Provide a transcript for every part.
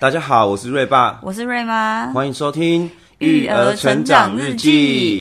大家好，我是瑞爸，我是瑞媽，歡迎收聽《育兒成長日記》。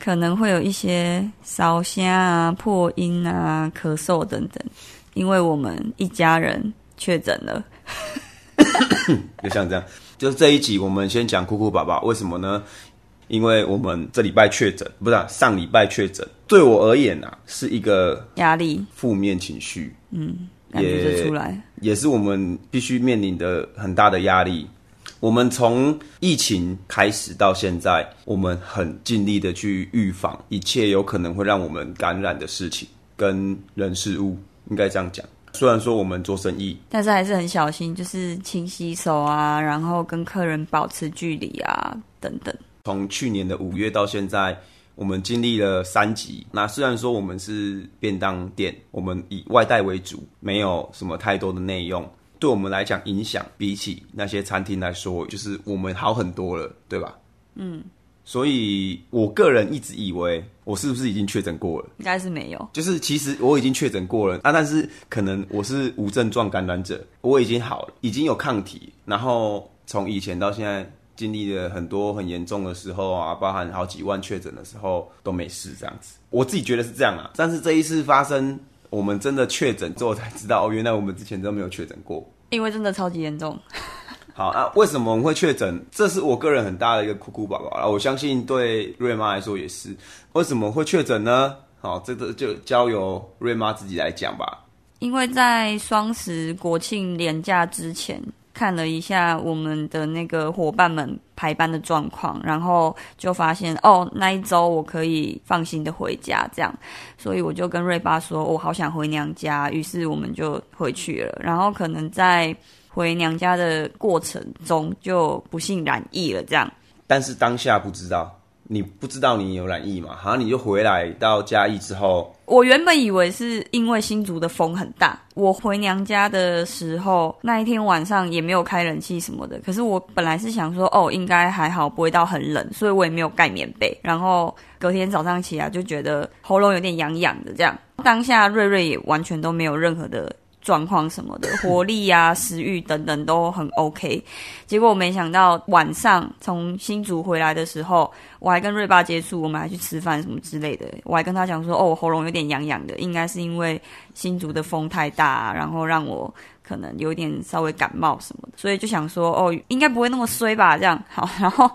可能會有一些燒聲啊、破音啊、咳嗽等等，因為我們一家人確診了， 就像這樣，就是這一集我們先講哭哭爸爸，為什麼呢？因為我們這禮拜確診，不是、啊、上禮拜確診，對我而言啊，是一個壓力、負面情緒，嗯，感覺就出來也，也是我們必須面臨的很大的壓力。我們從疫情開始到現在，我們很盡力的去預防一切有可能會讓我們感染的事情跟人事物，應該這樣講。雖然說我們做生意，但是還是很小心，就是勤洗手啊，然後跟客人保持距離啊，等等。從去年的五月到現在，我們經歷了三級。那雖然說我們是便當店，我們以外帶為主，沒有什麼太多的內用。對我們來講，影響比起那些餐廳來說，就是我們好很多了，對吧？嗯，所以我個人一直以為，我是不是已經確診過了？應該是沒有。就是其實我已經確診過了啊，但是可能我是無症狀感染者，我已經好了，已經有抗體。然後從以前到現在經歷了很多很嚴重的時候啊，包含好幾萬確診的時候都沒事，這樣子。我自己覺得是這樣啊，但是這一次發生。我們真的確診之後才知道，哦，原來我們之前都沒有確診過，因為真的超級嚴重。 好啊，為什麼我們會確診？這是我個人很大的一個哭哭寶寶啊，我相信對瑞媽來說也是。為什麼會確診呢？好，這個就交由瑞媽自己來講吧。因為在雙十國慶連假之前。看了一下我們的那個夥伴們排班的狀況，然後就發現哦，那一周我可以放心的回家，這樣，所以我就跟瑞爸說，我好想回娘家，於是我們就回去了。然後可能在回娘家的過程中就不幸染疫了，這樣。但是當下不知道。你不知道你有染疫嘛，好像你就回來到嘉義之後，我原本以為是因為新竹的風很大。我回娘家的時候，那一天晚上也沒有開冷氣什麼的。可是我本來是想說，哦，應該還好，不會到很冷，所以我也沒有蓋棉被。然後隔天早上起來、啊、就覺得喉嚨有點癢癢的，這樣，當下瑞瑞也完全都沒有任何的。狀況什麼的，活力啊、食慾等等都很 OK。結果我沒想到晚上從新竹回來的時候，我還跟瑞爸接觸，我們還去吃飯什麼之類的。我還跟他講說，哦，我喉嚨有點癢癢的，應該是因為新竹的風太大，然後讓我。可能有點稍微感冒什麼的，所以就想說哦，應該不會那麼衰吧，這樣。好，然後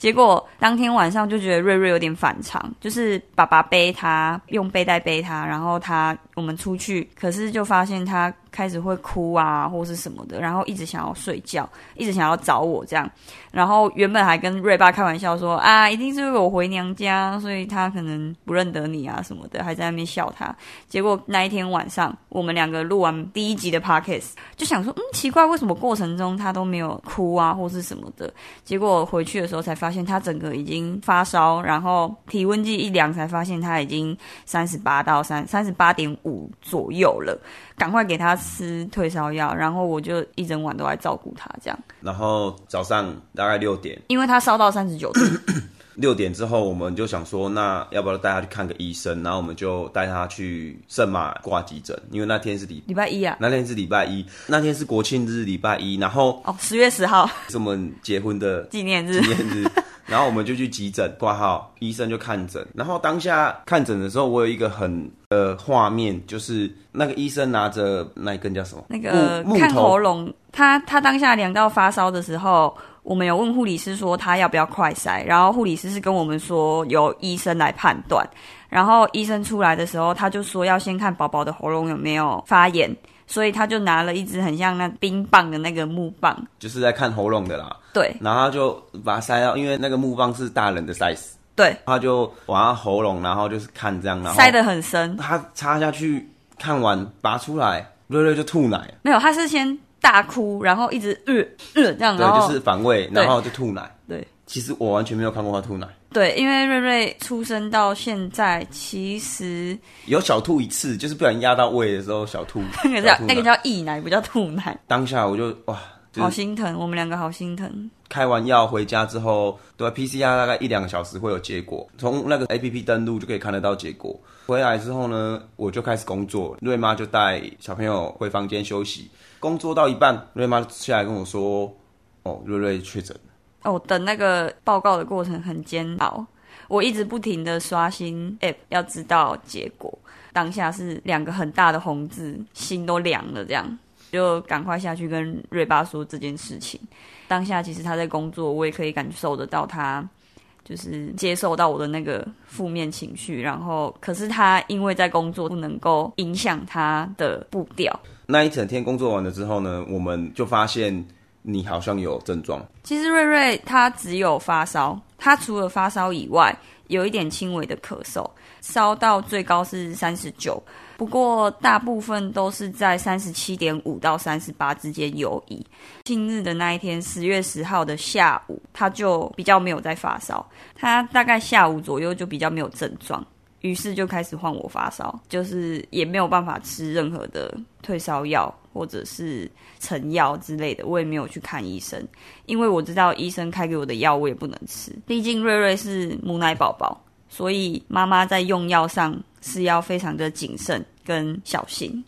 結果當天晚上就覺得瑞瑞有點反常，就是爸爸背他用背帶背他，然後他、我們出去，可是就發現他。開始會哭啊，或是什麼的，然後一直想要睡覺，一直想要找我這樣。然後原本還跟瑞爸開玩笑說啊，一定是因為我回娘家，所以他可能不認得你啊什麼的，還在那邊笑他。結果那一天晚上，我們兩個錄完第一集的 Podcast，就想說嗯，奇怪，為什麼過程中他都沒有哭啊或是什麼的？結果回去的時候才發現，他整個已經發燒，然後體溫計一量，才發現他已經三十八到三三十八點五左右了，趕快給他。吃退燒藥，然後我就一整晚都來照顧他，這樣。然後早上大概六點，因為他燒到三十九度。 六點之後，我們就想說，那要不要帶他去看個醫生？然後我們就帶他去聖馬掛急診，因為那天是禮禮拜一啊。那天是禮拜一，那天是國慶日禮拜一，然後哦，十月十號是我們結婚的紀念日。紀念日， 然後我們就去急診掛號，醫生就看診。然後當下看診的時候，我有一個很呃畫面，就是那個醫生拿着那一根叫什麼？那個看喉嚨。他他當下量到發燒的時候。我們有問護理師說他要不要快塞，然後護理師是跟我們說由醫生來判斷。然後醫生出來的時候，他就說要先看寶寶的喉嚨有沒有發炎，所以他就拿了一支很像那冰棒的那個木棒，就是在看喉嚨的啦。對，然後他就把它塞到，因為那個木棒是大人的 size，對，他就往他喉嚨，然後就是看這樣，然後塞得很深。他插下去看完，拔出來，瑞瑞就吐奶，沒有，他是先。大哭，然後一直哕、呃、哕、呃、這樣，然後就是反胃，然後就吐奶對。對，其實我完全沒有看過他吐奶。對，因為瑞瑞出生到現在，其實有小吐一次，就是不小心壓到胃的時候小吐。 那個叫那個叫溢奶，不叫吐奶。當下我就哇。好心疼，我們兩個好心疼。開完藥回家之後，對，PCR 大概一兩個小時會有結果，從那個 APP 登錄就可以看得到結果。回來之後呢，我就開始工作，瑞媽就帶小朋友回房間休息。工作到一半，瑞媽下來跟我說：“哦，瑞瑞確診了。”哦，等那個報告的過程很煎熬，我一直不停的刷新 APP，要知道結果。當下是兩個很大的紅字，心都涼了，這樣。就趕快下去跟瑞爸說這件事情。當下其實他在工作，我也可以感受得到他就是接受到我的那個負面情緒。然後可是他因為在工作，不能夠影響他的步調。那一整天工作完了之後呢，我們就發現你好像有症狀。其實瑞瑞他只有發燒，他除了發燒以外，有一點輕微的咳嗽，燒到最高是三十九。不過大部分都是在三十七點五到三十八之間游移。近日的那一天，十月十號的下午，他就比較沒有再發燒，他大概下午左右就比較沒有症狀，於是就開始換我發燒，就是也沒有辦法吃任何的退燒藥或者是成藥之類的，我也沒有去看醫生，因為我知道醫生開給我的藥我也不能吃，畢竟瑞瑞是母奶寶寶。所以媽媽在用藥上是要非常的謹慎跟小心。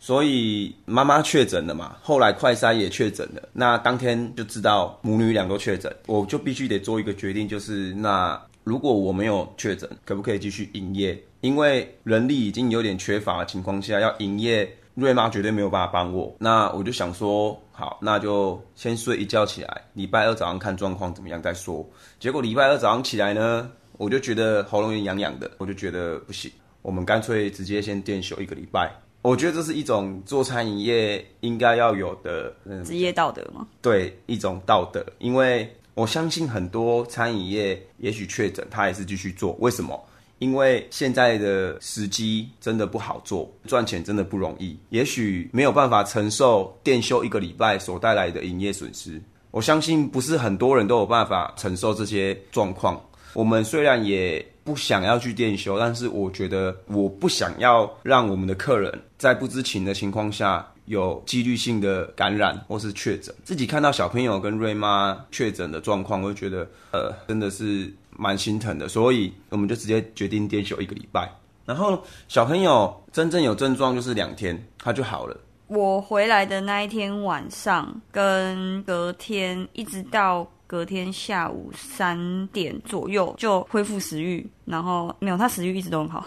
所以媽媽確診了嘛，後來快篩也確診了。那當天就知道母女兩個都確診，我就必須得做一個決定，就是那如果我沒有確診，可不可以繼續營業？因為人力已經有點缺乏的情況下，要營業，瑞媽絕對沒有辦法幫我。那我就想說，好，那就先睡一覺起來，禮拜二早上看狀況怎麼樣再說。結果禮拜二早上起來呢？我就覺得喉嚨也癢癢的，我就覺得不行，我們乾脆直接先店休一個禮拜。我覺得這是一種做餐飲業應該要有的嗯、職業道德嗎？對，一種道德。因為我相信很多餐飲業也許確診他還是繼續做，為什麼？因為現在的時機真的不好做，賺錢真的不容易，也許沒有辦法承受店休一個禮拜所帶來的營業損失。我相信不是很多人都有辦法承受這些狀況。我們雖然也不想要去店休，但是我覺得我不想要讓我們的客人在不知情的情況下有幾率性的感染或是確診。自己看到小朋友跟瑞媽確診的狀況，我就覺得呃真的是蠻心疼的，所以我們就直接決定店休一個禮拜。然後小朋友真正有症狀就是兩天，他就好了。我回來的那一天晚上跟隔天，一直到。隔天下午三點左右就恢復食慾，然後沒有，他食慾一直都很好，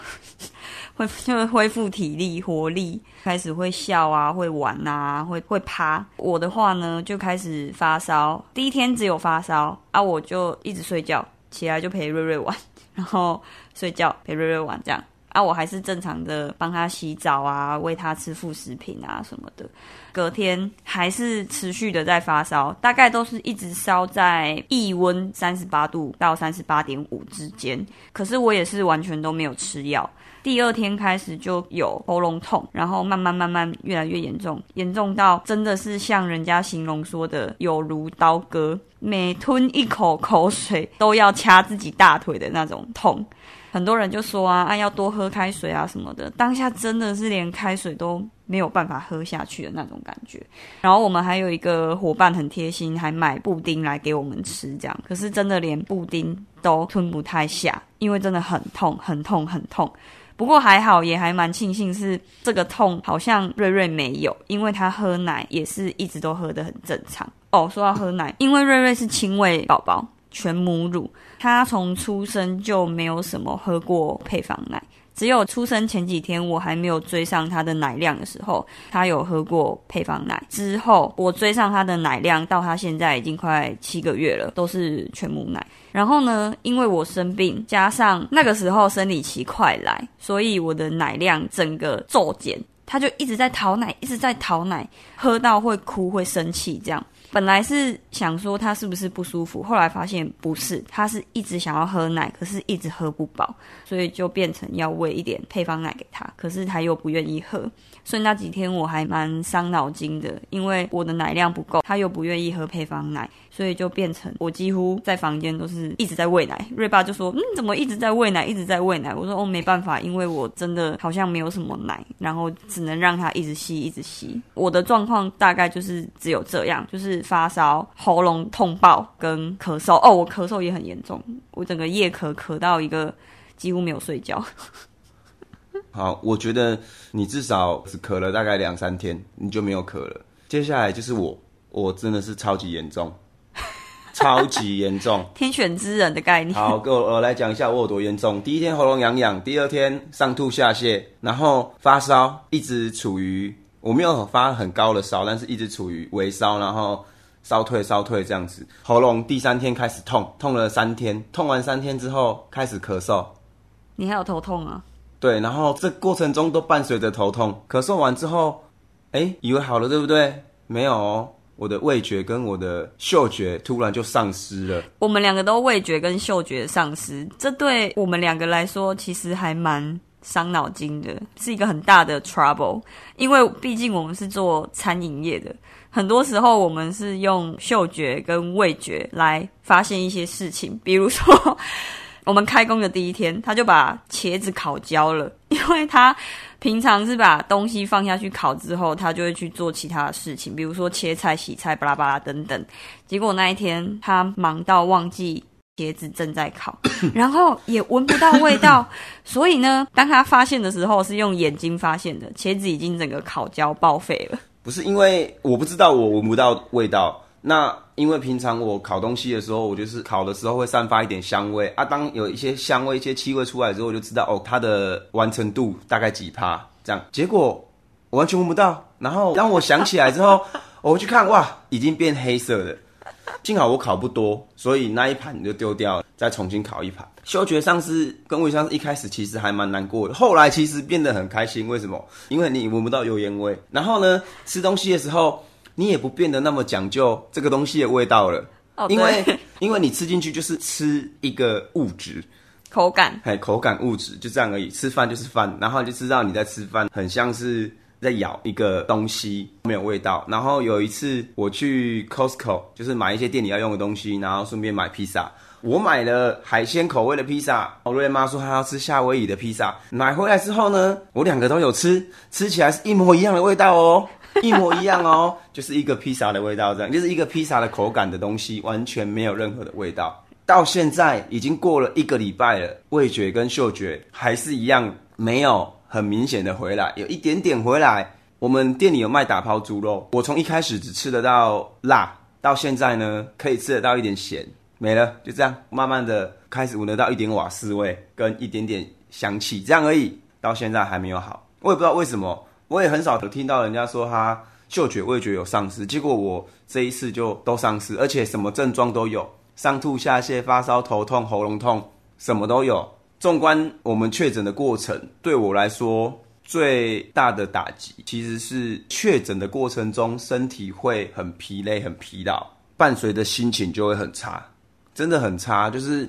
恢 就恢復體力活力，開始會笑啊，會玩啊，會會趴。我的話呢，就開始發燒，第一天只有發燒啊，我就一直睡覺，起來就陪瑞瑞玩，然後睡覺陪瑞瑞玩這樣啊，我還是正常的幫他洗澡啊，餵他吃副食品啊什麼的。隔天還是持續的在發燒，大概都是一直燒在耳溫三十八度到三十八點五之間。可是我也是完全都沒有吃藥。第二天開始就有喉嚨痛，然後慢慢慢慢越來越嚴重，嚴重到真的是像人家形容說的，有如刀割，每吞一口口水都要掐自己大腿的那種痛。很多人就說啊，啊要多喝開水啊什麼的。當下真的是連開水都沒有辦法喝下去的那種感覺。然後我們還有一個夥伴很貼心，還買布丁來給我們吃，這樣可是真的連布丁都吞不太下，因為真的很痛，很痛，很痛。不過還好，也還蠻慶幸是這個痛好像瑞瑞沒有，因為他喝奶也是一直都喝得很正常。哦，說到喝奶，因為瑞瑞是親餵寶寶，全母乳。他從出生就沒有什麼喝過配方奶，只有出生前幾天我還沒有追上他的奶量的時候，他有喝過配方奶。之後我追上他的奶量，到他現在已經快七個月了，都是全母奶。然後呢，因為我生病，加上那個時候生理期快來，所以我的奶量整個驟減，他就一直在討奶，一直在討奶，喝到會哭會生氣這樣。本來是想說他是不是不舒服，後來發現不是，他是一直想要喝奶，可是一直喝不飽，所以就變成要餵一點配方奶給他，可是他又不願意喝，所以那幾天我還蠻傷腦筋的，因為我的奶量不夠，他又不願意喝配方奶，所以就變成我幾乎在房間都是一直在餵奶。瑞爸就說：“嗯，怎麼一直在餵奶，一直在餵奶？”我說：“哦，沒辦法，因為我真的好像沒有什麼奶，然後只能讓他一直吸，一直吸。”我的狀況大概就是只有這樣，就是。發燒、喉嚨痛爆、跟咳嗽。哦，我咳嗽也很嚴重，我整個夜咳咳到一個幾乎沒有睡覺。好，我覺得你至少是咳了大概兩三天，你就沒有咳了。接下來就是我，我真的是超級嚴重，超級嚴重。天 選之人的概念。好，給我來講一下我有多嚴重。第一天喉嚨癢癢，第二天上吐下瀉，然後發燒，一直處於我沒有發很高的燒，但是一直處於微燒，然後。燒退燒退這樣子，喉嚨第三天開始痛，痛了三天，痛完三天之後開始咳嗽。你還有頭痛啊？對，然後這過程中都伴隨着頭痛。咳嗽完之後，欸，以為好了，對不對？沒有哦，我的味覺跟我的嗅覺突然就喪失了。我們兩個都味覺跟嗅覺喪失，這對我們兩個來說其實還蠻。傷腦筋的是一個很大的 trouble，因為畢竟我們是做餐飲業的，很多時候我們是用嗅覺跟味覺來發現一些事情。比如說，我們開工的第一天，他就把茄子烤焦了，因為他平常是把東西放下去烤之後，他就會去做其他的事情，比如說切菜、洗菜、巴拉巴拉等等。結果那一天他忙到忘記。茄子正在烤，然後也聞不到味道， 所以呢，當他發現的時候是用眼睛發現的，茄子已經整個烤焦報廢了。不是因為我不知道，我聞不到味道。那因為平常我烤東西的時候，我就是烤的時候會散發一點香味啊，當有一些香味、一些氣味出來之後，我就知道哦，它的完成度大概幾趴這樣。結果我完全聞不到，然後當我想起來之後， 我去看，哇，已經變黑色了。幸好我烤不多，所以那一盤你就丟掉了，再重新烤一盤。嗅覺上是跟味覺是一開始其實還蠻難過的，後來其實變得很開心。為什麼？因為你聞不到油煙味，然後呢，吃東西的時候你也不變得那麼講究這個東西的味道了。哦，對。因為因為你吃進去就是吃一個物質，口感，嘿，口感物質就這樣而已。吃飯就是飯，然後就知道你在吃飯，很像是。在咬一個東西沒有味道，然後有一次我去 Costco，就是買一些店裡要用的東西，然後順便買披薩。我買了海鮮口味的披薩，哦，瑞媽說她要吃夏威夷的披薩。買回來之後呢，我兩個都有吃，吃起來是一模一樣的味道哦，一模一樣哦， 就是一個披薩的味道這樣，就是一個披薩的口感的東西，完全沒有任何的味道。到現在已經過了一個禮拜了，味覺跟嗅覺還是一樣，沒有。很明顯的回來，有一點點回來。我們店裡有賣打拋豬肉，我從一開始只吃得到辣，到現在呢，可以吃得到一點鹹，沒了，就這樣，慢慢的開始聞得到一點瓦斯味跟一點點香氣，這樣而已。到現在還沒有好，我也不知道為什麼，我也很少有聽到人家說他嗅覺味覺有喪失，結果我這一次就都喪失，而且什麼症狀都有，上吐下瀉、發燒、頭痛、喉嚨痛，什麼都有。縱觀我們確診的過程，對我來說最大的打擊，其實是確診的過程中，身體會很疲累、很疲勞，伴隨的心情就會很差，真的很差。就是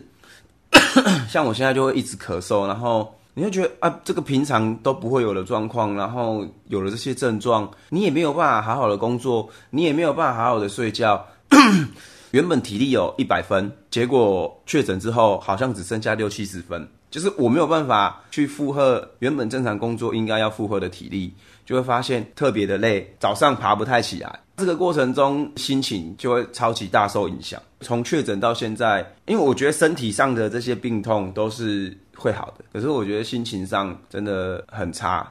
咳咳，像我現在就會一直咳嗽，然後你會覺得啊，這個平常都不會有的狀況，然後有了這些症狀，你也沒有辦法好好的工作，你也沒有辦法好好的睡覺。咳咳，原本體力有一百分，結果確診之後，好像只剩下六七十分。就是我沒有辦法去負荷原本正常工作應該要負荷的體力，就會發現特別的累，早上爬不太起來。這個過程中心情就會超級大受影響。從確診到現在，因為我覺得身體上的這些病痛都是會好的，可是我覺得心情上真的很差。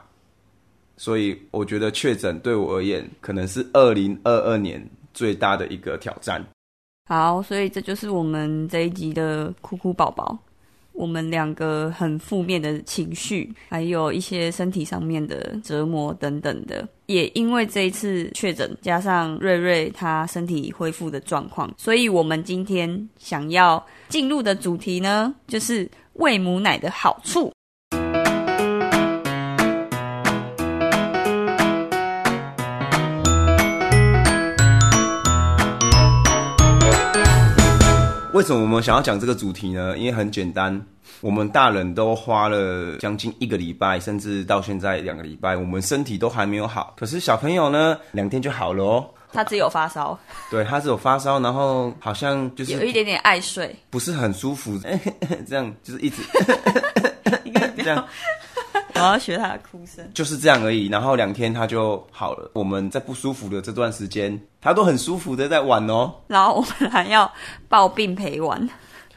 所以我覺得確診對我而言，可能是2022年最大的一個挑戰。好，所以這就是我們這一集的哭哭寶寶。我們兩個很負面的情緒，還有一些身體上面的折磨等等的，也因為這一次確診，加上瑞瑞他身體恢復的狀況，所以我們今天想要進入的主題呢，就是餵母奶的好處。為什麼我們想要講這個主題呢？因為很簡單，我們大人都花了將近一個禮拜，甚至到現在兩個禮拜，我們身體都還沒有好。可是小朋友呢，兩天就好了哦。他只有發燒。對，他只有發燒，然後好像就是，是有一點點愛睡，不是很舒服。這樣就是一直 這樣。我要學他的哭聲，就是這樣而已。然後兩天他就好了。我們在不舒服的這段時間，他都很舒服的在玩哦。然後我們還要抱病陪玩。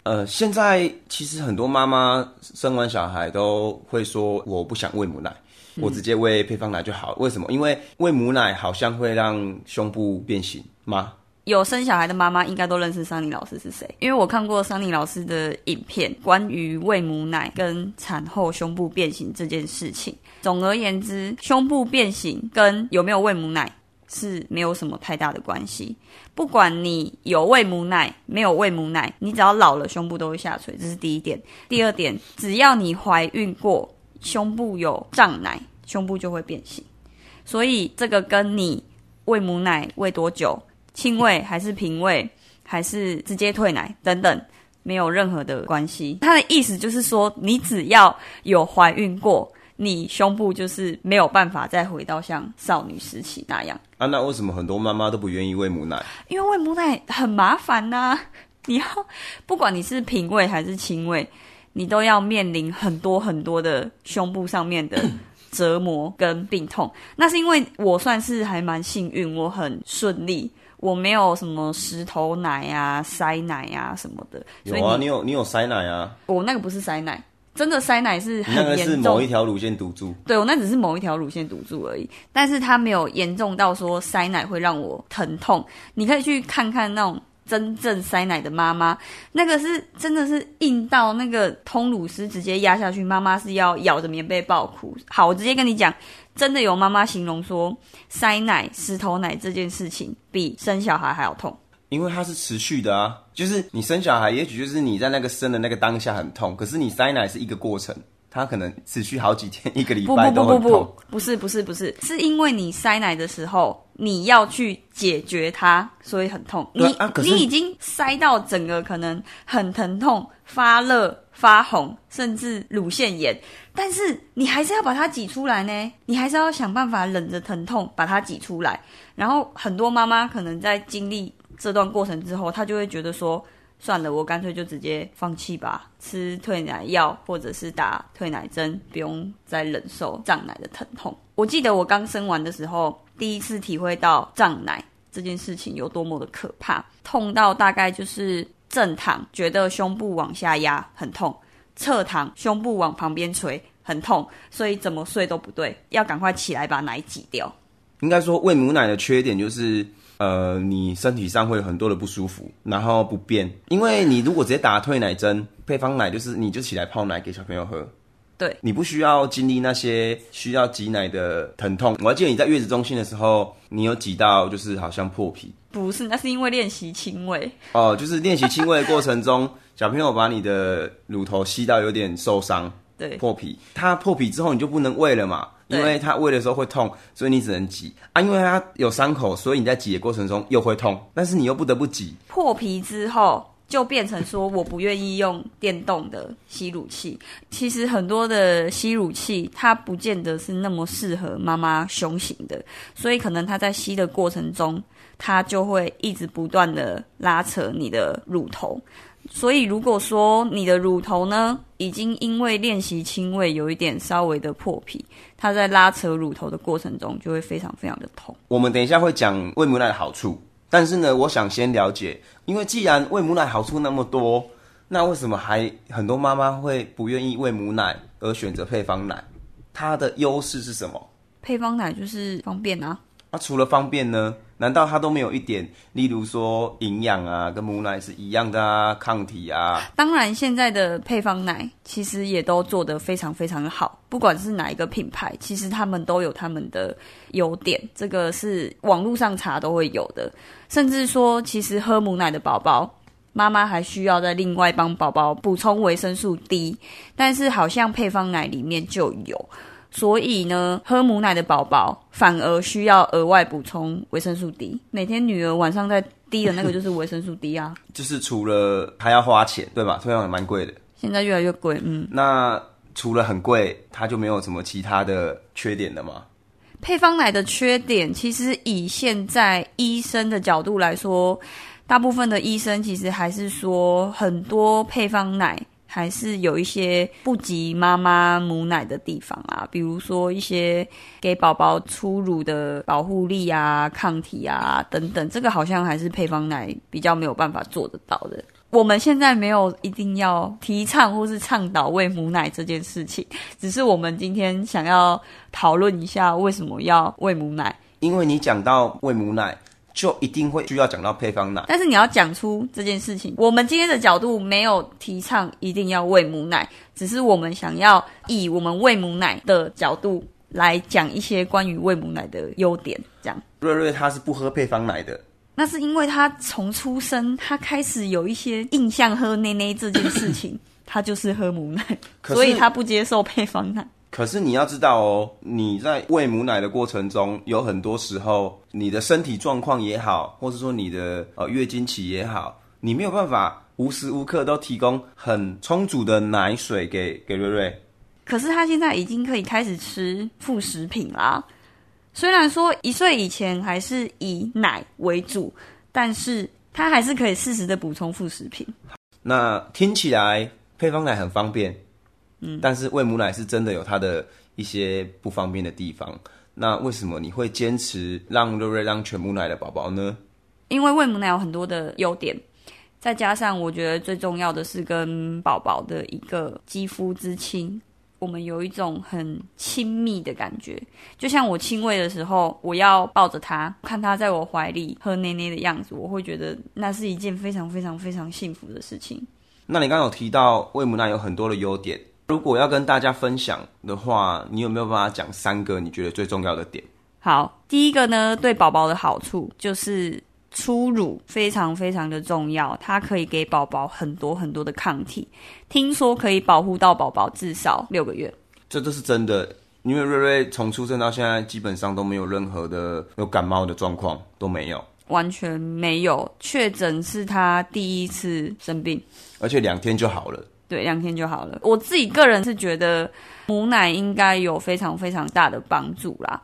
呃，現在其實很多媽媽生完小孩都會說：“我不想餵母奶，我直接餵配方奶就好了。嗯”為什麼？因為餵母奶好像會讓胸部變形嗎？媽有生小孩的媽媽應該都認識桑尼老師是誰，因為我看過桑尼老師的影片，關於餵母奶跟產後胸部變形這件事情。總而言之，胸部變形跟有沒有餵母奶是沒有什麼太大的關係。不管你有餵母奶，沒有餵母奶，你只要老了，胸部都會下垂，這是第一點。第二點，只要你懷孕過，胸部有脹奶，胸部就會變形。所以這個跟你餵母奶餵多久，親餵還是平餵，還是直接退奶等等，沒有任何的關係。他的意思就是說，你只要有懷孕過，你胸部就是沒有辦法再回到像少女時期那樣。啊，那為什麼很多媽媽都不願意餵母奶？因為餵母奶很麻煩吶、啊，你要不管你是平餵還是親餵，你都要面臨很多很多的胸部上面的折磨跟病痛。 那是因為我算是還蠻幸運，我很順利。我沒有什麼石頭奶呀、啊、塞奶呀、啊、什麼的。有啊，所以你，你有你有塞奶啊？我那個不是塞奶，真的塞奶是很嚴重。那個是某一條乳腺堵住。對，我那只是某一條乳腺堵住而已，但是它沒有嚴重到說塞奶會讓我疼痛。你可以去看看那種。真正塞奶的媽媽，那個是真的是硬到那個通乳師直接壓下去，媽媽是要咬着棉被爆哭。好，我直接跟你講，真的有媽媽形容說，塞奶、石頭奶這件事情比生小孩還要痛，因為它是持續的啊。就是你生小孩，也許就是你在那個生的那個當下很痛，可是你塞奶是一個過程，它可能持續好幾天、一個禮拜都很痛。不不不不不，不是不是不是，是因為你塞奶的時候。你要去解決它，所以很痛。你、啊、你已經塞到整個可能很疼痛、發熱、發紅，甚至乳腺炎。但是你還是要把它擠出來呢？你還是要想辦法忍着疼痛把它擠出來。然後很多媽媽可能在經歷這段過程之後，她就會覺得說：“算了，我乾脆就直接放棄吧，吃退奶藥或者是打退奶針，不用再忍受脹奶的疼痛。”我記得我剛生完的時候。第一次體會到脹奶這件事情有多麼的可怕，痛到大概就是正躺覺得胸部往下壓很痛，側躺胸部往旁邊垂很痛，所以怎麼睡都不對，要趕快起來把奶擠掉。應該說餵母奶的缺點就是，呃，你身體上會有很多的不舒服，然後不便，因為你如果直接打退奶針，配方奶就是你就起來泡奶給小朋友喝。對，你不需要經歷那些需要擠奶的疼痛。我還記得你在月子中心的時候，你有擠到就是好像破皮。不是，那是因為練習親餵。哦，就是練習親餵的過程中， 小朋友把你的乳頭吸到有點受傷。對，破皮。它破皮之後你就不能餵了嘛，因為他餵的時候會痛，所以你只能擠啊。因為他有傷口，所以你在擠的過程中又會痛，但是你又不得不擠。破皮之後。就變成說我不願意用電動的吸乳器。其實很多的吸乳器，它不見得是那麼適合媽媽胸型的，所以可能它在吸的過程中，它就會一直不斷的拉扯你的乳頭。所以如果說你的乳頭呢，已經因為練習親餵，有一點稍微的破皮，它在拉扯乳頭的過程中就會非常非常的痛。我們等一下會講餵母奶的好處。但是呢，我想先了解，因為既然餵母奶好處那麼多，那為什麼還很多媽媽會不願意餵母奶而選擇配方奶？它的優勢是什麼？配方奶就是方便啊。啊，除了方便呢？難道它都沒有一點？例如說營養啊，跟母奶是一樣的啊，抗體啊。當然，現在的配方奶其實也都做得非常非常的好，不管是哪一個品牌，其實他們都有他們的優點。這個是網路上查都會有的。甚至說，其實喝母奶的寶寶，媽媽還需要再另外幫寶寶補充維生素 D，但是好像配方奶裡面就有。所以呢，喝母奶的寶寶反而需要額外補充維生素 D。每天女兒晚上在滴的那個就是維生素 D 啊， 就是除了還要花錢，對吧？雖然也蠻貴的，現在越來越貴，嗯。那除了很貴，它就沒有什麼其他的缺點了嗎？配方奶的缺點，其實以現在醫生的角度來說，大部分的醫生其實還是說很多配方奶。還是有一些不及媽媽母奶的地方啊，比如說一些給寶寶初乳的保護力啊、抗體啊等等，這個好像還是配方奶比較沒有辦法做得到的。我們現在沒有一定要提倡或是倡導餵母奶這件事情，只是我們今天想要討論一下為什麼要餵母奶，因為你講到餵母奶，就一定會需要講到配方奶，但是你要講出這件事情。我們今天的角度沒有提倡一定要餵母奶，只是我們想要以我們餵母奶的角度來講一些關於餵母奶的優點。這樣，瑞瑞他是不喝配方奶的，那是因為他從出生他開始有一些印象喝奶奶這件事情，咳咳他就是喝母奶，所以他不接受配方奶。可是你要知道哦，你在餵母奶的過程中，有很多時候你的身體狀況也好，或是說你的呃月經期也好，你沒有辦法無時無刻都提供很充足的奶水給給瑞瑞。可是他現在已經可以開始吃副食品啦，雖然說一歲以前還是以奶為主，但是他還是可以適時的補充副食品。那聽起來配方奶很方便。但是餵母奶是真的有它的一些不方便的地方，那為什麼你會堅持讓瑞瑞讓全母奶的寶寶呢？因為餵母奶有很多的優點，再加上我覺得最重要的是跟寶寶的一個肌膚之親，我們有一種很親密的感覺。就像我親餵的時候，我要抱着他，看他在我懷裡喝奶奶的樣子，我會覺得那是一件非常非常非常幸福的事情。那你剛剛有提到餵母奶有很多的優點。如果要跟大家分享的話，你有沒有辦法講三個你覺得最重要的點？好，第一個呢，對寶寶的好處就是初乳非常非常的重要，它可以給寶寶很多很多的抗體，聽說可以保護到寶寶至少六個月。這這是真的，因為瑞瑞從出生到現在基本上都沒有任何的有感冒的狀況都沒有，完全沒有。確診是他第一次生病，而且兩天就好了。對，兩天就好了。我自己個人是覺得母奶應該有非常非常大的幫助啦。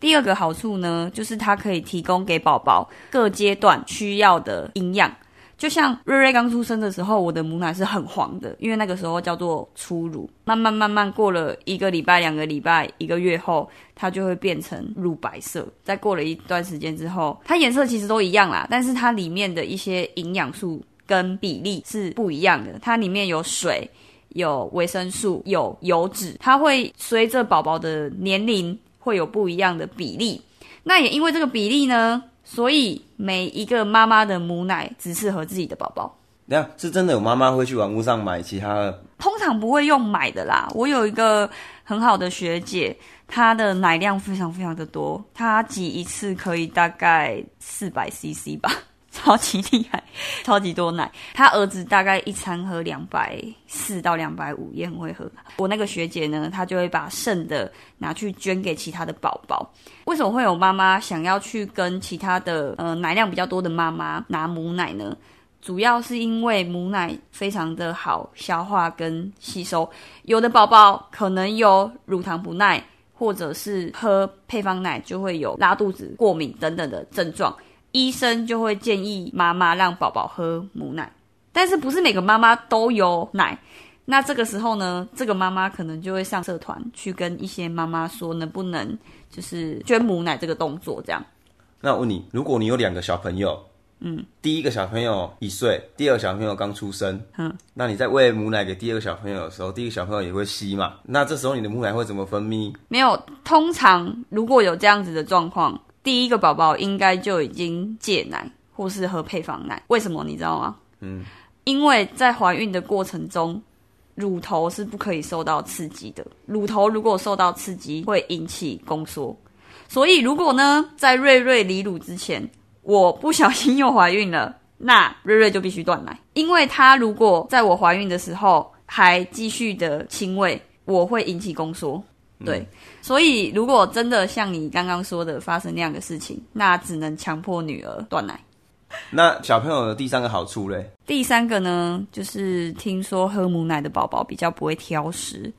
第二個好處呢，就是它可以提供給寶寶各階段需要的營養。就像瑞瑞剛出生的時候，我的母奶是很黃的，因為那個時候叫做初乳。慢慢慢慢過了一個禮拜、兩個禮拜、一個月後，它就會變成乳白色。再過了一段時間之後，它顏色其實都一樣啦，但是它裡面的一些營養素。跟比例是不一樣的，它裡面有水、有維生素、有油脂，它會隨着寶寶的年齡會有不一樣的比例。那也因為這個比例呢，所以每一個媽媽的母奶只適合自己的寶寶。怎樣？是真的有媽媽會去網路上買其他？通常不會用買的啦。我有一個很好的學姐，她的奶量非常非常的多，她擠一次可以大概四百 CC 吧。超級厲害，超級多奶。他兒子大概一餐喝兩百四到兩百五，也很會喝。我那個學姐呢，她就會把剩的拿去捐給其他的寶寶。為什麼會有媽媽想要去跟其他的呃奶量比較多的媽媽拿母奶呢？主要是因為母奶非常的好消化跟吸收。有的寶寶可能有乳糖不耐，或者是喝配方奶就會有拉肚子、過敏等等的症狀。醫生就會建議媽媽讓寶寶喝母奶，但是不是每個媽媽都有奶。那這個時候呢，這個媽媽可能就會上社團去跟一些媽媽說，能不能就是捐母奶這個動作這樣。那我問你，如果你有兩個小朋友，嗯，第一個小朋友一歲，第二個小朋友剛出生，嗯，那你在餵母奶給第二個小朋友的時候，第一個小朋友也會吸嘛？那這時候你的母奶會怎麼分泌？沒有，通常如果有這樣子的狀況。第一個寶寶應該就已經戒奶或是喝配方奶，為什麼你知道嗎？嗯，因為在懷孕的過程中，乳頭是不可以受到刺激的。乳頭如果受到刺激，會引起宮縮。所以如果呢，在瑞瑞離乳之前，我不小心又懷孕了，那瑞瑞就必須斷奶，因為他如果在我懷孕的時候還繼續的親餵，我會引起宮縮。對、嗯，所以如果真的像你剛剛說的，發生那樣的事情，那只能強迫女兒斷奶。那小朋友的第三個好處嘞？第三個呢，就是聽說喝母奶的寶寶比較不會挑食，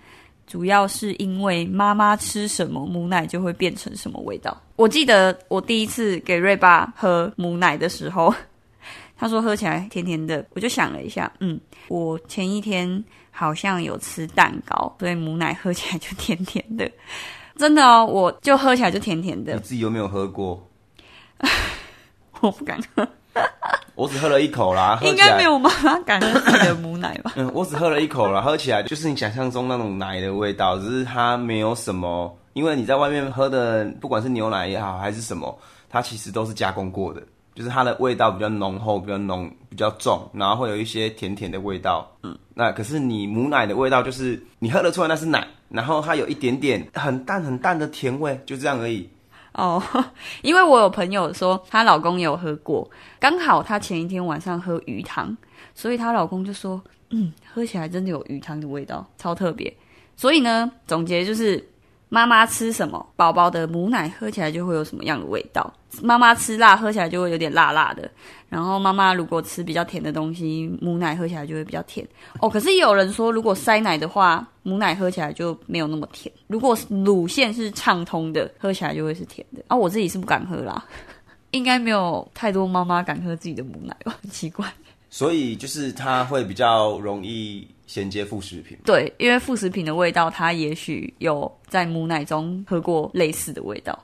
主要是因為媽媽吃什麼，母奶就會變成什麼味道。我記得我第一次給瑞爸喝母奶的時候，他說喝起來甜甜的，我就想了一下，嗯，我前一天。好像有吃蛋糕，所以母奶喝起來就甜甜的。真的哦，我就喝起來就甜甜的。你自己有沒有喝過？ 我不敢喝，我只喝了一口啦。喝起來。應該沒有媽媽敢喝你的母奶吧？ 嗯，我只喝了一口了，喝起來就是你想象中那種奶的味道，只是它沒有什麼，因為你在外面喝的，不管是牛奶也好還是什麼，它其實都是加工過的。就是它的味道比較濃厚，比較濃，比較重，然後會有一些甜甜的味道。嗯，那、啊、可是你母奶的味道，就是你喝得出來那是奶，然後它有一點點很淡很淡的甜味，就這樣而已。哦，因為我有朋友說她老公也有喝過，剛好她前一天晚上喝魚湯，所以她老公就說，嗯，喝起來真的有魚湯的味道，超特別。所以呢，總結就是。媽媽吃什麼，寶寶的母奶喝起來就會有什麼樣的味道。媽媽吃辣，喝起來就會有點辣辣的。然後媽媽如果吃比較甜的東西，母奶喝起來就會比較甜。哦，可是也有人說，如果塞奶的話，母奶喝起來就沒有那麼甜。如果乳腺是暢通的，喝起來就會是甜的。啊、哦，我自己是不敢喝啦，應該沒有太多媽媽敢喝自己的母奶吧？很奇怪。所以就是它會比較容易。銜接副食品，對，因為副食品的味道，它也許有在母奶中喝過類似的味道。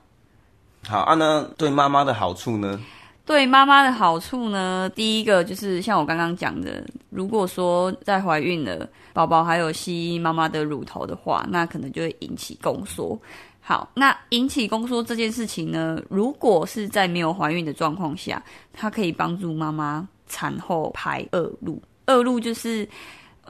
好啊，呢，那對媽媽的好處呢？對媽媽的好處呢，第一個就是像我剛剛講的，如果說在懷孕了，寶寶還有吸媽媽的乳頭的話，那可能就會引起宮縮。好，那引起宮縮這件事情呢，如果是在沒有懷孕的狀況下，它可以幫助媽媽產後排惡露，惡露就是。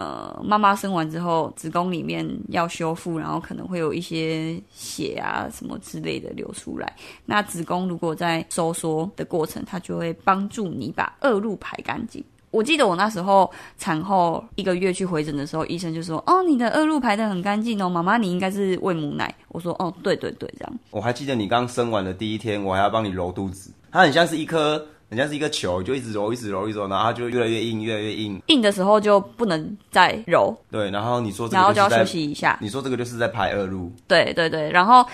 呃，媽媽生完之後，子宮裡面要修復，然後可能會有一些血啊什麼之類的流出來。那子宮如果在收縮的過程，它就會幫助你把惡露排乾淨。我記得我那時候產後一個月去回診的時候，醫生就說：“哦，你的惡露排得很乾淨哦，媽媽你應該是餵母奶。”我說：“哦，對對對，這樣。”我還記得你剛生完的第一天，我還要幫你揉肚子。它很像是一顆。人家是一個球，就一直揉，一直揉，一直揉，然後它就越來越硬，越來越硬。硬的時候就不能再揉。對，然後你說這個就是在，然後就要休息一下。你說這個就是在排惡露。對對對，然後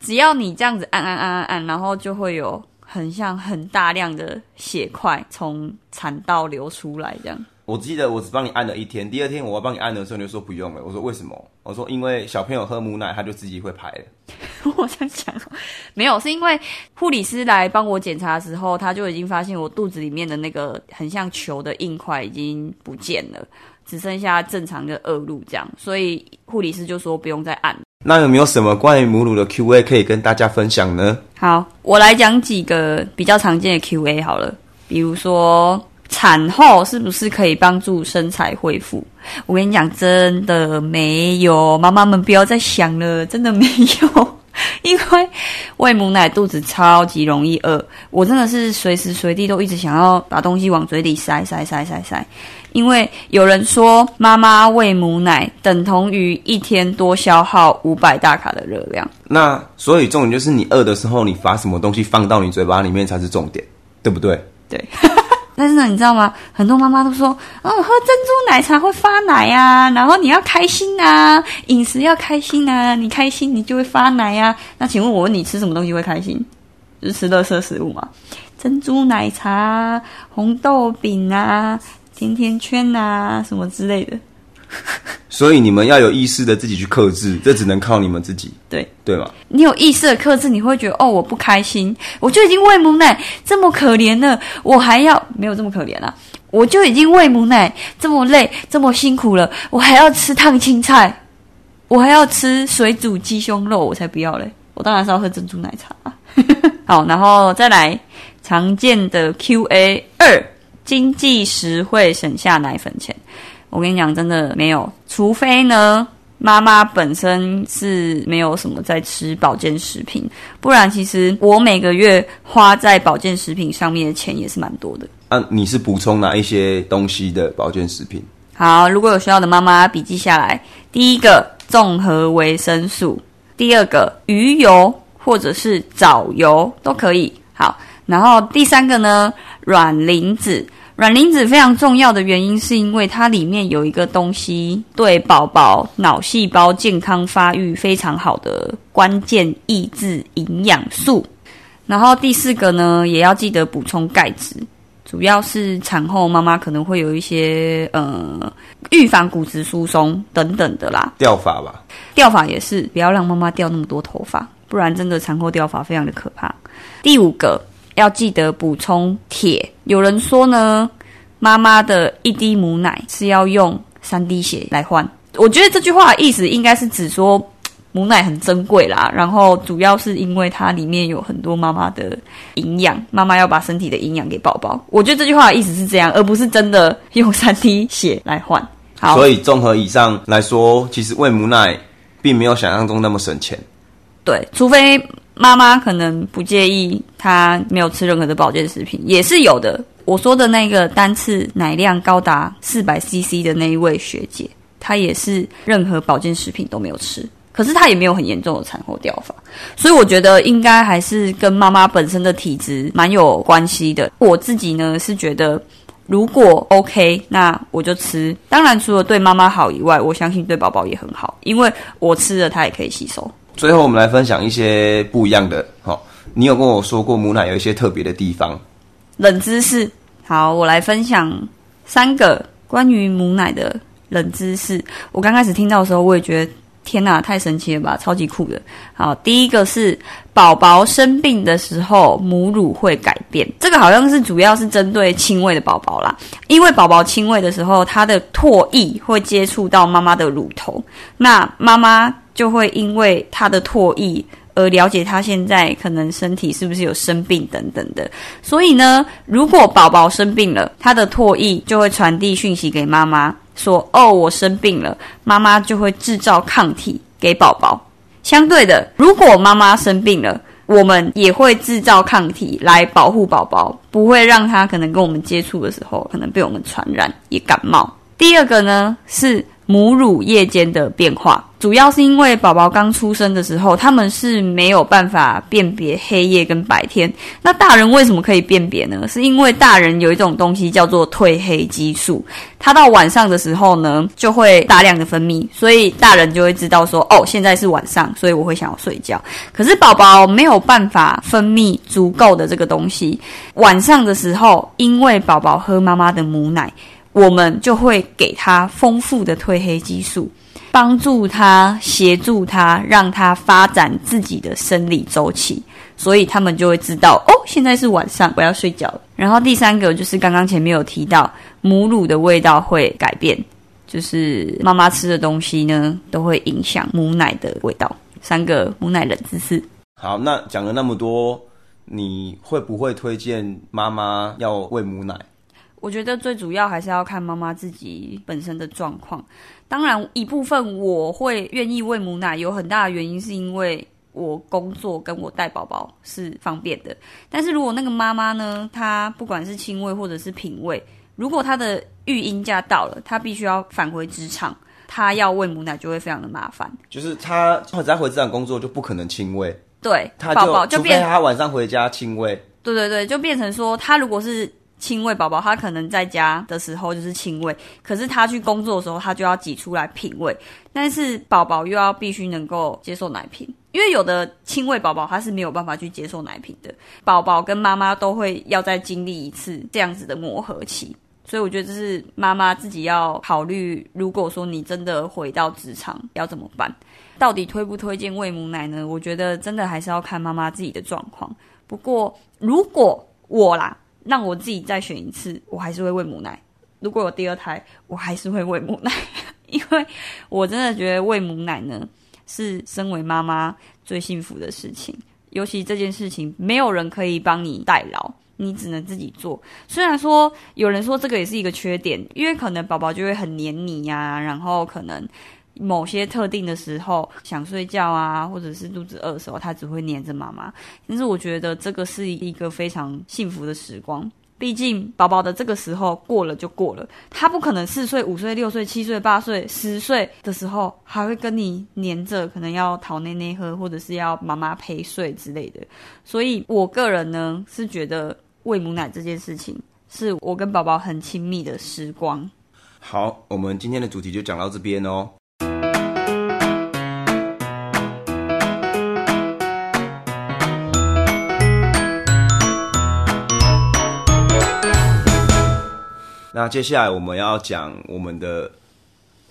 只要你這樣子按按按按按，然後就會有很像很大量的血塊從產道流出來，這樣。我記得我只幫你按了一天，第二天我要幫你按的時候，你就說不用了。我說為什麼？我說因為小朋友喝母奶，他就自己會排了。 我在想，沒有，是因為護理師來幫我檢查的時候，他就已經發現我肚子裡面的那個很像球的硬塊已經不見了，只剩下正常的惡露這樣，所以護理師就說不用再按。那有沒有什麼關於母乳的 Q&A 可以跟大家分享呢？好，我來講幾個比較常見的 Q&A 好了，比如說。產後是不是可以幫助身材恢復？我跟你講，真的沒有，媽媽們不要再想了，真的沒有，因為餵母奶肚子超級容易餓，我真的是隨時隨地都一直想要把東西往嘴裡塞塞塞塞、塞、塞，因為有人說媽媽餵母奶等同於一天多消耗五百大卡的熱量，那所以重點就是你餓的時候你把什麼東西放到你嘴巴裡面才是重點，對不對？對。但是呢，你知道嗎？很多媽媽都說，哦，喝珍珠奶茶會發奶呀、啊，然後你要開心啊，飲食要開心啊，你開心你就會發奶呀、啊。那請問我問你吃什麼東西會開心？就是吃垃圾食物嗎？珍珠奶茶、紅豆餅啊、甜甜圈啊，什麼之類的。 所以你們要有意識的自己去克制，這只能靠你們自己。對，對吧？你有意識的克制，你會覺得哦，我不開心，我就已經餵母奶這麼可憐了，我還要沒有這麼可憐啦、啊，我就已經餵母奶這麼累、這麼辛苦了，我還要吃燙青菜，我還要吃水煮雞胸肉，我才不要嘞！我當然是要喝珍珠奶茶、啊。 好，然後再來常見的 Q&A 二，經濟實惠，省下奶粉錢。我跟你講，真的沒有。除非呢，媽媽本身是沒有什麼在吃保健食品，不然其實我每個月花在保健食品上面的錢也是蠻多的。啊，你是補充哪一些東西的保健食品？好，如果有需要的媽媽筆記下來。第一個，綜合維生素；第二個，魚油或者是藻油都可以。好，然後第三個呢，卵磷脂。卵磷脂非常重要的原因，是因為它裡面有一個東西對寶寶，對寶寶腦細胞健康發育非常好的關鍵益智營養素。然後第四個呢，也要記得補充鈣質，主要是產後媽媽可能會有一些，呃，預防骨質疏鬆等等的啦。掉髮吧？掉髮也是，不要讓媽媽掉那麼多頭髮，不然真的產後掉髮非常的可怕。第五個。要記得補充鐵。有人說呢，媽媽的一滴母奶是要用三滴血來換。我覺得這句話的意思應該是指說母奶很珍貴啦，然後主要是因為它裡面有很多媽媽的營養，媽媽要把身體的營養給寶寶。我覺得這句話的意思是這樣，而不是真的用三滴血來換。好，所以綜合以上來說，其實餵母奶並沒有想象中那麼省錢。對，除非。媽媽可能不介意她沒有吃任何的保健食品，也是有的。我說的那個單次奶量高達四百 cc 的那一位學姐，她也是任何保健食品都沒有吃，可是她也沒有很嚴重的產後掉髮。所以我覺得應該還是跟媽媽本身的體質蠻有關係的。我自己呢是覺得，如果 OK，那我就吃。當然，除了對媽媽好以外，我相信對寶寶也很好，因為我吃了，他也可以吸收。最後，我們來分享一些不一樣的哦。你有跟我說過母奶有一些特別的地方，冷知識。好，我來分享三個關於母奶的冷知識。我剛開始聽到的時候，我也覺得。天啊，太神奇了吧，超級酷的。好，第一個是寶寶生病的時候，母乳會改變。這個好像是主要是針對親餵的寶寶啦，因為寶寶親餵的時候，他的唾液會接觸到媽媽的乳頭，那媽媽就會因為他的唾液。而了解他現在可能身體是不是有生病等等的，所以呢，如果寶寶生病了，他的唾液就會傳遞訊息給媽媽，說哦我生病了，媽媽就會製造抗體給寶寶。相對的，如果媽媽生病了，我們也會製造抗體來保護寶寶，不會讓他可能跟我們接觸的時候，可能被我們傳染也感冒。第二個呢是。母乳夜間的變化，主要是因為寶寶剛出生的時候，他們是沒有辦法辨別黑夜跟白天。那大人為什麼可以辨別呢？是因為大人有一種東西叫做褪黑激素，它到晚上的時候呢，就會大量的分泌，所以大人就會知道說，哦，現在是晚上，所以我會想要睡覺。可是寶寶沒有辦法分泌足夠的這個東西，晚上的時候，因為寶寶喝媽媽的母奶。我們就會給他豐富的褪黑激素，幫助他、協助他，讓他發展自己的生理周期。所以他們就會知道，哦，現在是晚上，我要睡覺了。然後第三個就是剛剛前面有提到，母乳的味道會改變，就是媽媽吃的東西呢，都會影響母奶的味道。三個母奶冷知識。好，那講了那麼多，你會不會推薦媽媽要餵母奶？我覺得最主要還是要看媽媽自己本身的狀況。當然，一部分我會願意餵母奶，有很大的原因是因為我工作跟我帶寶寶是方便的。但是如果那個媽媽呢，她不管是親餵或者是瓶餵，如果她的育嬰假到了，她必須要返回職場，她要餵母奶就會非常的麻煩。就是她或者在回職場工作就不可能親餵。對，寶寶就變她晚上回家親餵。對對對，就變成說她如果是。親餵寶寶，他可能在家的時候就是親餵，可是他去工作的時候，他就要擠出來瓶餵。但是寶寶又要必須能夠接受奶瓶，因為有的親餵寶寶他是沒有辦法去接受奶瓶的。寶寶跟媽媽都會要再經歷一次這樣子的磨合期，所以我覺得這是媽媽自己要考慮。如果說你真的回到職場要怎麼辦？到底推不推薦餵母奶呢？我覺得真的還是要看媽媽自己的狀況。不過如果我啦。讓我自己再選一次，我還是會餵母奶。如果有第二胎，我還是會餵母奶， 因為我真的覺得餵母奶呢是身為媽媽最幸福的事情。尤其這件事情沒有人可以幫你代勞，你只能自己做。雖然說有人說這個也是一個缺點，因為可能寶寶就會很黏你呀，、啊，然後可能。某些特定的時候想睡覺啊，或者是肚子餓的時候，他只會黏着媽媽。但是我覺得這個是一個非常幸福的時光，畢竟寶寶的這個時候過了就過了，他不可能四歲、五歲、六歲、七歲、八歲、十歲的時候還會跟你黏着，可能要討奶奶喝，或者是要媽媽陪睡之類的。所以，我個人呢是覺得餵母奶這件事情是我跟寶寶很親密的時光。好，我們今天的主題就講到這邊哦。那接下來我們要講我們的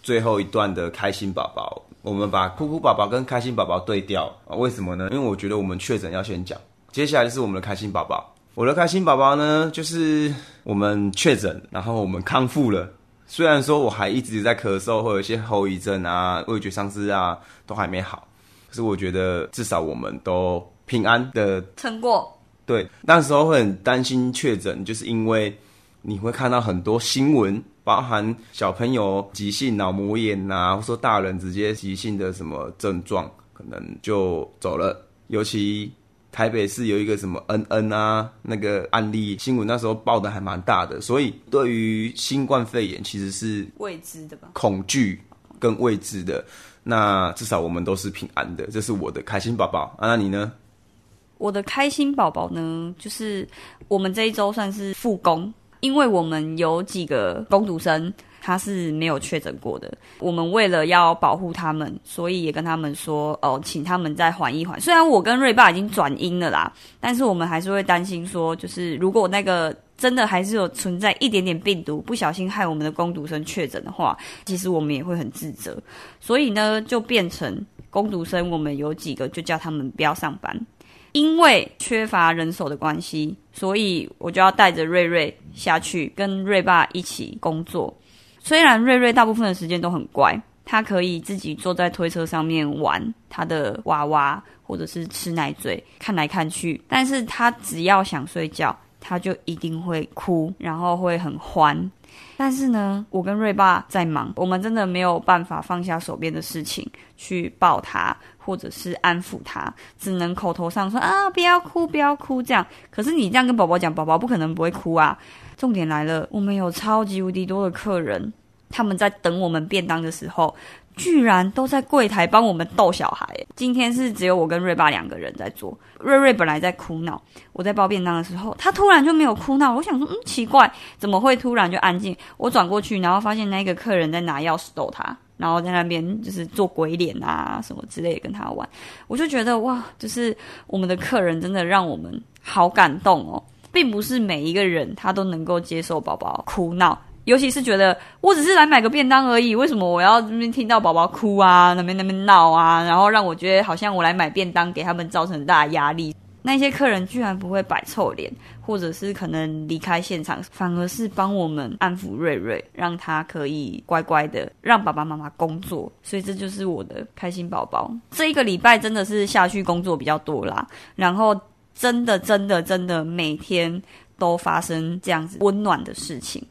最後一段的開心寶寶。我們把哭哭寶寶跟開心寶寶對調，啊，為什麼呢？因為我覺得我們確診要先講。接下來就是我們的開心寶寶。我的開心寶寶呢，就是我們確診，然後我們康復了。雖然說我還一直在咳嗽，或者一些後遺症啊，味覺喪失啊，都還沒好。可是我覺得至少我們都平安的撐過。對，那時候會很擔心確診，就是因為。你會看到很多新聞，包含小朋友急性腦膜炎吶、啊，或者說大人直接急性的什麼症狀，可能就走了。尤其台北市有一個什麼恩恩啊，那個案例新聞，那時候報的還蠻大的。所以對於新冠肺炎，其實是未知的吧？恐懼跟未知的。那至少我們都是平安的，這是我的開心寶寶。啊，那你呢？我的開心寶寶呢，就是我們這一週算是復工，因為我們有幾個工讀生，他是沒有確診過的。我們為了要保護他們，所以也跟他們說哦，請他們再緩一緩。雖然我跟瑞爸已經轉陰了啦，但是我們還是會擔心說，就是如果那個真的還是有存在一點點病毒，不小心害我們的工讀生確診的話，其實我們也會很自責。所以呢，就變成工讀生，我們有幾個就叫他們不要上班。因為缺乏人手的關係，所以我就要帶着瑞瑞下去跟瑞爸一起工作。雖然瑞瑞大部分的時間都很乖，他可以自己坐在推車上面玩他的娃娃，或者是吃奶嘴、看來看去，但是他只要想睡覺，他就一定會哭，然後會很歡。但是呢，我跟瑞爸在忙，我們真的沒有辦法放下手邊的事情去抱他。或者是安撫他，只能口頭上說啊，不要哭，不要哭，這樣。可是你這樣跟寶寶講，寶寶不可能不會哭啊。重點來了，我們有超級無敵多的客人，他們在等我們便當的時候，居然都在櫃檯幫我們逗小孩。今天是只有我跟瑞爸兩個人在做，瑞瑞本來在哭鬧，我在包便當的時候，他突然就沒有哭鬧。我想說，嗯，奇怪，怎麼會突然就安靜？我轉過去，然後發現那個客人在拿鑰匙逗他。然後在那邊就是做鬼臉啊什麼之類，跟他玩，我就覺得哇，就是我們的客人真的讓我們好感動哦，並不是每一個人他都能夠接受寶寶哭鬧，尤其是覺得我只是來買個便當而已，為什麼我要那邊聽到寶寶哭啊，那邊那邊鬧啊，然後讓我覺得好像我來買便當給他們造成很大壓力，那些客人居然不會擺臭臉。或者是可能離開現場，反而是幫我們安撫瑞瑞，讓他可以乖乖的讓爸爸媽媽工作。所以這就是我的開心寶寶。這一個禮拜真的是下去工作比較多啦。然後真的真的真的每天都發生這樣子溫暖的事情。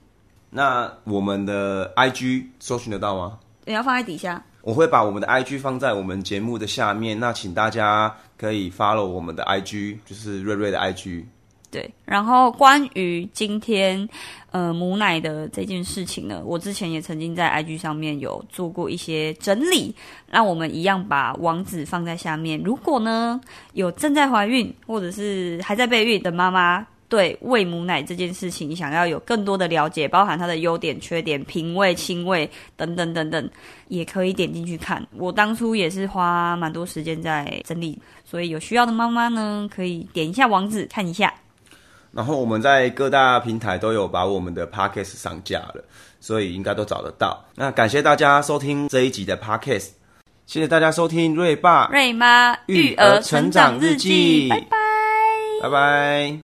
那我們的 IG 搜尋得到嗎？你要放在底下？我會把我們的 IG 放在我們節目的下面。那請大家可以 follow 我們的 IG，就是瑞瑞的 IG。對，然後關於今天呃母奶的這件事情呢，我之前也曾經在 IG 上面有做過一些整理，那我們一樣把網址放在下面。如果呢有正在懷孕或者是還在備孕的媽媽，對餵母奶這件事情想要有更多的了解，包含它的優點、缺點、瓶餵、親餵等等等等，也可以點進去看。我當初也是花蠻多時間在整理，所以有需要的媽媽呢，可以點一下網址看一下。然後我們在各大平台都有把我們的 Podcast 上架了，所以應該都找得到。那感謝大家收聽這一集的 Podcast，謝謝大家收聽瑞爸瑞媽育兒，育兒成長日記，拜拜，拜拜。